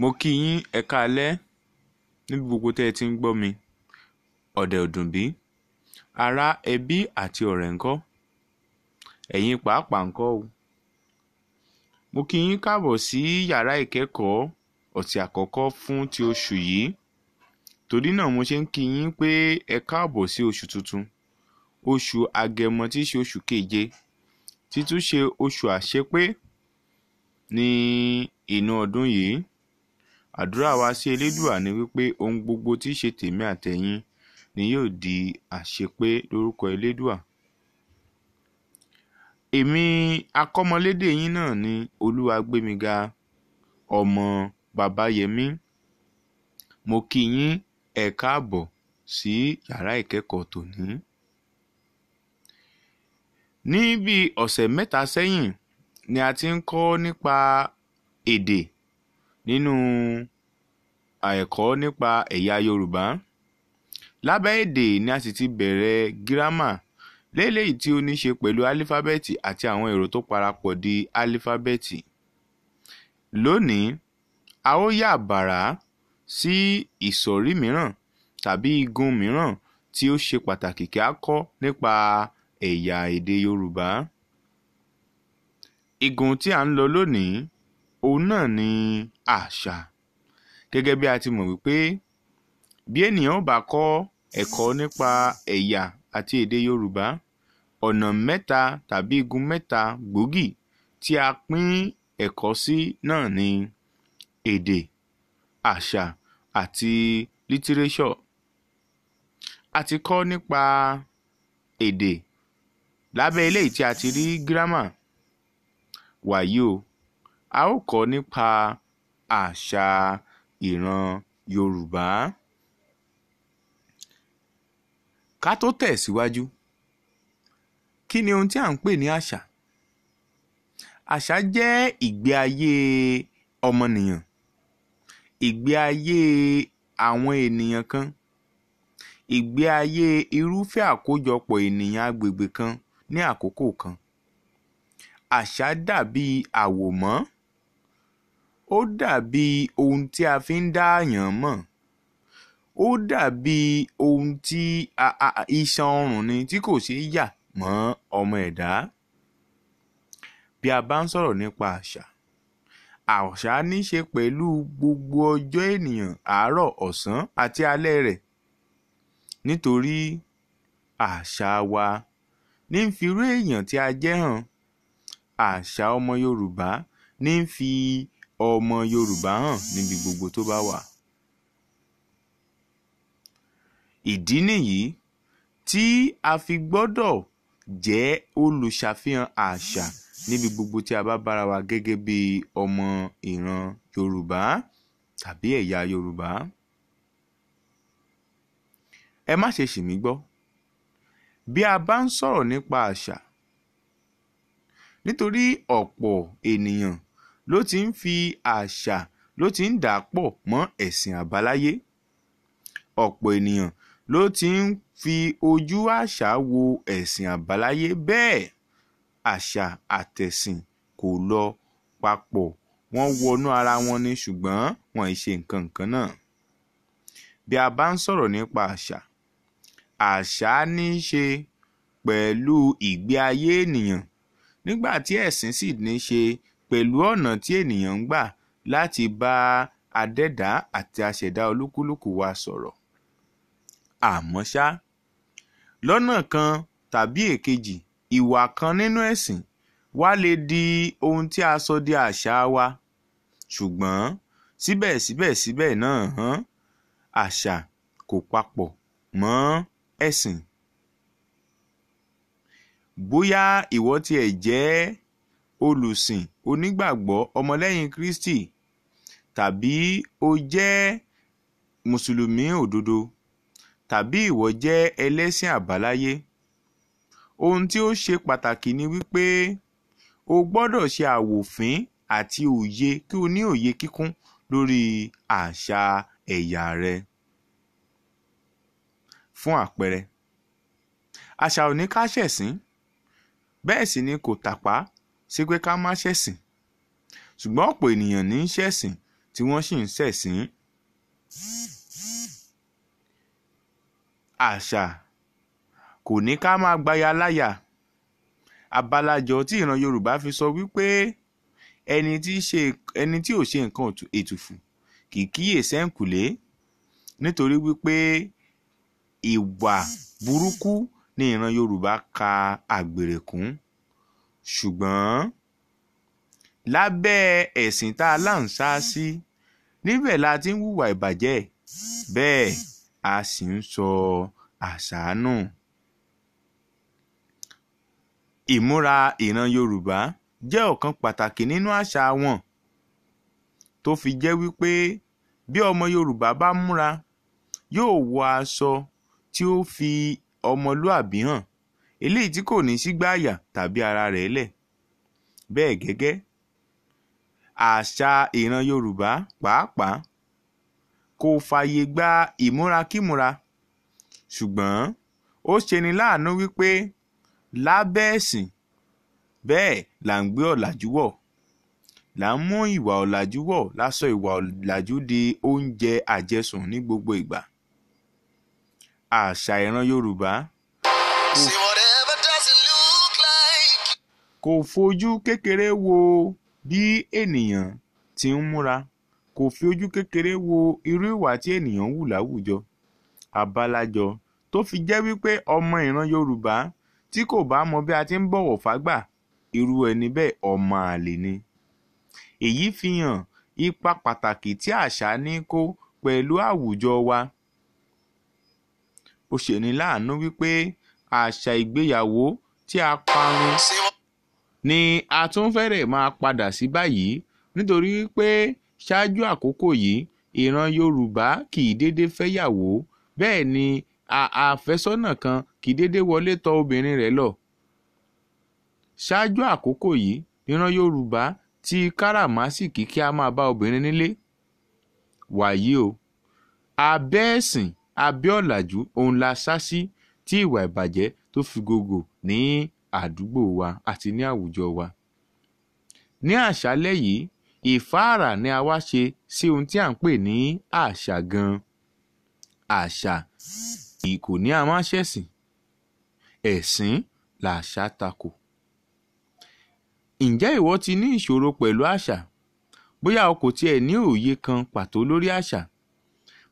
mo kí yín ẹ káalẹ́ níbi gbogbo tẹ́ ẹ ti ń gbọ́ mi ọ̀dẹ̀ ọ̀dùnbí ará ẹbí àti ọ̀rẹ́ ńkọ́ ẹ̀yin pàápàá ńkọ́ o mo kí yín káàbọ̀ sí yàrá ìkẹ́kọ̀ọ́ ọ̀sẹ̀ àkọ́kọ́ fún ti oṣù yìí torí náà mo ṣe ń kí yín pé ẹ káàbọ̀ sí oṣù tuntun oṣù agẹmọ tí í ṣe oṣù keje títún oṣù àṣepé ní inú ọdún yìí àdúrà wa sí elédùà ni wípé ohun gbogbo tí ṣe tèmi àtẹ̀yin ni yóò di àṣepé lórúkọ elédùà èmi akọ́mọlédè yín náà ni ga ọmọ babayẹmí mo kí yín ẹ káàbọ̀ sí yàrá ìkẹ́kọ̀ọ́ tòní. ní bí ọ̀sẹ̀ mẹ́ta sẹ́yìn ni a ti ń kọ́ nípa èdè nínú ẹ̀kọ́ nípa ẹ̀yà Yorùbá. Lábẹ́ èdè ni a sì ti bẹ̀rẹ̀ gírámà lélẹ́yìí tí ó ní ṣe pẹ̀lú álífábẹ́ẹ̀tì àti àwọn èrò tó parapọ̀ di álífábẹ́ẹ̀tì. Lónìí, a ó yà bàrà sí ìsọ̀rí mìíràn tàbí igun mìíràn tí ó ṣe pàtàkì kí a kọ́ nípa ẹ̀yà èdè Yorùbá. Igun tí à ń lọ lónìí òun náà ni àṣà gẹ́gẹ́ bí a ti mọ̀ wípé bí ènìyàn ò bá kọ́ ẹ̀kọ́ nípa ẹ̀yà àti èdè Yorùbá ọ̀nà mẹ́ta tàbí igun mẹ́ta gbòógì tí a pín ẹ̀kọ́ sí náà ni èdè àṣà àti lítírésọ̀ a ti kọ́ nípa èdè lábẹ́ eléyìí tí a ti rí gírámà wàyí o a ó kọ́ nípa àṣà ìran Yorùbá. Ká tó tẹ̀síwájú, kí ni ohun tí à ń pè ní àṣà? Àṣà jẹ́ ìgbé ayé ọmọnìyàn, ìgbé ayé àwọn ènìyàn kan, ìgbé ayé irúfẹ́ àkójọpọ̀ ènìyàn agbègbè kan ní àkókò kan. Àṣà dàbí àwòmọ́ ó dàbí ohun tí a fi ń dààyàn mọ̀ ó dàbí ohun tí iṣan ọrùn ni tí kò ṣeé yà mọ́ ọmọ ẹ̀dá bí a bá ń sọ̀rọ̀ nípa àṣà àṣà ní ṣe pẹ̀lú gbogbo ọjọ́ ènìyàn àárọ̀ ọ̀sán àti alẹ́ rẹ̀ nítorí àṣà wa ní ń fi èèyàn tí a jẹ́ hàn àṣà ọmọ Yorùbá ní ń fi ọmọ Yorùbá hàn níbi gbogbo tó bá wà. Ìdí nìyí tí a fi gbọ́dọ̀ jẹ́ olùṣàfihàn àṣà níbi gbogbo tí a bá bára wa gẹ́gẹ́ bí ọmọ ìran Yorùbá tàbí ẹ̀yà Yorùbá. Ẹ má ṣe ṣì mí gbọ́ bí a bá ń sọ̀rọ̀ nípa àṣà nítorí ọ̀pọ̀ ènìyàn ló ti ń fi àṣà ló ti ń dà pọ̀ mọ́ ẹ̀sìn àbáláyé ọ̀pọ̀ ènìyàn ló ti ń fi ojú àṣà wo ẹ̀sìn àbáláyé bẹ́ẹ̀ àṣà àtẹ̀sìn kò lọ papọ̀ wọ́n wọnú ara wọn ni ṣùgbọ́n wọn ì ṣe nǹkan kan náà bí a bá ń sọ̀rọ̀ nípa àṣà àṣà ní í ṣe pẹ̀lú ìgbé ayé ènìyàn nígbà tí ẹ̀sìn sì ní í ṣe pẹ̀lú ọ̀nà tí ènìyàn ń gbà láti bá adẹ́dá àti aṣẹ̀dá olúkúlùkù wa sọ̀rọ̀. àmọ́ ṣá lọ́nà kan tàbí èkejì ìwà kan nínú ẹ̀sìn wa lè di ohun tí a sọ di àṣà wa ṣùgbọ́n síbẹ̀síbẹ̀síbẹ̀ náà àṣà kò papọ̀ mọ́ ẹ̀sìn. bóyá ìwọ tiẹ̀ jẹ́ olùsìn onígbàgbọ́ ọmọlẹ́yìn kristi tàbí o jẹ́ mùsùlùmí òdodo tàbí ìwọ jẹ́ ẹlẹ́sìn àbáláyé ohun tí ó ṣe pàtàkì ni wípé o gbọ́dọ̀ ṣe àwòfín àti òye kí o ní òye kíkún lórí àṣà ẹ̀yà rẹ fún àpẹẹrẹ àṣà ò ní ká ṣẹ̀sín bẹ́ẹ̀ sì ni kò tàpá sí pé ká má ṣẹ̀sìn ṣùgbọ́n ọ̀pọ̀ ènìyàn ní í ṣẹ̀sìn tí wọ́n sì ń ṣẹ̀sìn. àṣà kò ní ká máa gbaya láyà abalajọ tí ìran Yorùbá fi sọ wípé ẹni tí ò ṣe nǹkan ètùfù kì í kíyè sẹ́ǹkùlé nítorí wípé ìwà burúkú ni ìran Yorùbá ka àgbèrè kún ṣùgbọ́n lábẹ́ ẹ̀sìn tá a láǹṣá sí níbẹ̀ la ti ń hùwà ìbàjẹ́ bẹ́ẹ̀ a sì ń sọ àṣà nù. ìmúra ìran yorùbá jẹ́ ọ̀kan pàtàkì nínú àṣà wọn tó fi jẹ́ wípé bí ọmọ yorùbá bá múra yóò wọ aṣọ tí ó fi ọmọlúàbí hàn eléyìí tí kò ní sígbà àyà tàbí ara rẹ̀ lẹ̀ bẹ́ẹ̀ gẹ́gẹ́ àṣà ìran yorùbá pàápàá kò fààyè gba ìmúrakímúra ṣùgbọ́n ó ṣeni láàánú wípé lábẹ́ ẹ̀sìn bẹ́ẹ̀ là ń gbé ọ̀làjú wọ̀ là ń mú ìwà ọ̀làjú wọ̀ lásọ ìwà ọ̀làjú di oúnjẹ àjẹsùn ní gbogbo ìgbà àṣà ìran yorùbá. kò kò fojú kékeré wo bí ènìyàn ti ń múra kò fi ojú kékeré wo irú ìwà tí ènìyàn wù láwùjọ àbálájọ tó fi jẹ́ wípé ọmọ ìran Yorùbá tí kò bá mọ bí a ti ń bọ̀wọ̀ fágbà irú ẹni bẹ́ẹ̀ ọmọ àlè ni. èyí fi hàn ipa pàtàkì tí àṣà ní kó pẹ̀lú àwùjọ wa. ó ṣeni láàánú wípé àṣà ìgbéyàwó tí a parun ni a tún fẹ́rẹ̀ máa padà sí báyìí nítorí pé ṣáájú àkókò yìí ìran yorùbá kì í dédé fẹ́yàwó bẹ́ẹ̀ ni àfẹ́sọ́nà kan kì í dédé wọlé tọ obìnrin rẹ̀ lọ. ṣáájú àkókò yìí ìran yorùbá ti káràmásìkì kí a máa bá obìnrin nílé. wàyí o abẹ́ ẹ̀sìn abẹ́ òun la sá sí tí ìwà ìbàjẹ́ tó fi gògò ní àdúgbò wa àti ní àwùjọ wa. Ní àṣálẹ́ yìí, ìfáàrà ni a wá ṣe sí ohun tí à ń pè ní àṣà gan-an. Àṣà yìí kò ní a máa ṣẹ̀sìn. Ẹ̀sìn làṣà takò. Ǹjẹ́ ìwọ ti ní ìṣòro pẹ̀lú àṣà? Bóyá o kò tiẹ̀ ní òye kan pàtó lórí àṣà.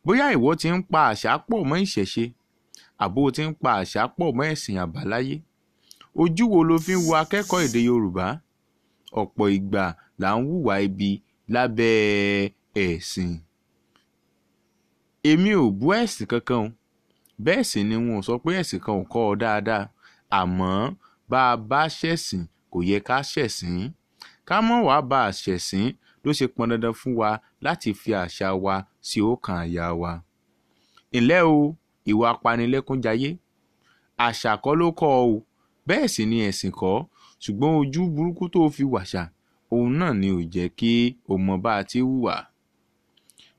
Bóyá ìwọ ti ń pa àṣà pọ̀ mọ́ ìṣẹ̀ṣe àbó o ti ń pa àṣà pọ̀ mọ́ ẹ̀sìn àbáláyé ojú wo ló fi ń wo akẹ́kọ̀ọ́ èdè yorùbá ọ̀pọ̀ ìgbà là ń hùwà ibi lábẹ́ ẹ̀sìn èmi ò bú ẹ̀sìn kankan o bẹ́ẹ̀ sì ni wọn ò sọ pé ẹ̀sìn kan ò kọ́ ọ dáadáa àmọ́ bá a bá ṣẹ̀sìn kò yẹ ká ṣẹ̀sìn ká mọ̀ wá bá a ṣẹ̀sìn ló ṣe pọn dandan fún wa láti fi àṣà wa sí ọkàn àyà wa. ǹlẹ́ o ìwà apanilẹ́kúnjayé àṣà kọ́ ló kọ́ ọ o bẹ́ẹ̀ sì ni ẹ̀sìn kọ́ ṣùgbọ́n ojú burúkú tó fi wàṣà òun náà ni ò jẹ́ kí o mọ bá a ti hùwà.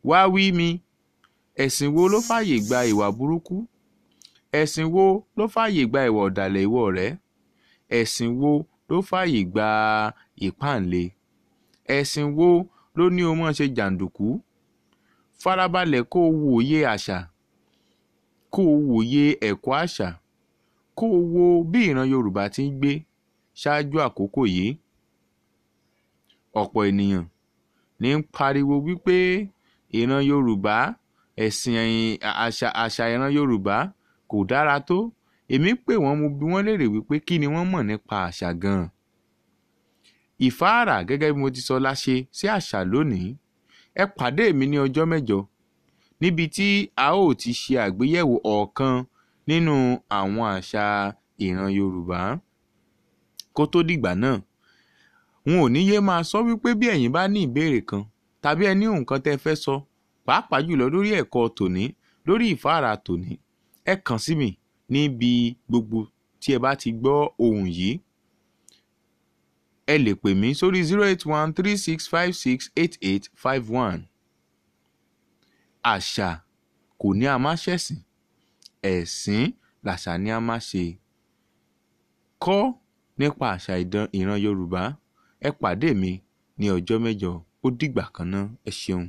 wá wí mi ẹ̀sìn wo ló fàyè gba ìwà burúkú ẹ̀sìn wo ló fàyè gba ìwà ọ̀dàlẹ̀ ìwọ rẹ̀ ẹ̀sìn wo ló fàyè gba ìpáǹle ẹ̀sìn wo ló ní o mọ̀ ṣe jàǹdùkú farabalẹ̀ kó o wòye àṣà kó o wòye ẹ̀kọ́ àṣà kó wo bí ìran yorùbá ti ń gbé ṣáájú àkókò yìí ọ̀pọ̀ ènìyàn ní ń pariwo wípé ìran yorùbá ẹ̀sìn àṣà àṣà ìran yorùbá kò dára tó èmi pè wọ́n mo bi wọ́n léèrè wípé kí ni wọ́n mọ̀ nípa àṣà gan-an ìfáàrà gẹ́gẹ́ bí mo ti sọ láṣe sí àṣà lónìí ẹ pàdé mi ní ọjọ́ mẹ́jọ níbi tí a ó ti ṣe àgbéyẹ̀wò ọ̀kan nínú àwọn àṣà ìran Yorùbá. Kó tó dìgbà náà, n ò ní yé máa sọ wípé bí ẹ̀yin bá ní ìbéèrè kan tàbí ẹ ní nǹkan tẹ́ fẹ́ sọ, pàápàá jùlọ lórí ẹ̀kọ́ tòní, lórí ìfáàrà tòní, ẹ kàn sí mi níbi gbogbo tí ẹ bá ti gbọ́ ohùn yìí. Ẹ lè pè mí sórí zero eight one three six five six eight eight five one. Àṣà kò ní a máa ṣẹ̀sìn ẹ̀sìn làṣà ni á máa ṣe. Kọ́ nípa àṣà ìdán ìran Yorùbá. Ẹ pàdé mi ní ọjọ́ mẹ́jọ. Ó dìgbà kan ná! Ẹ ṣeun.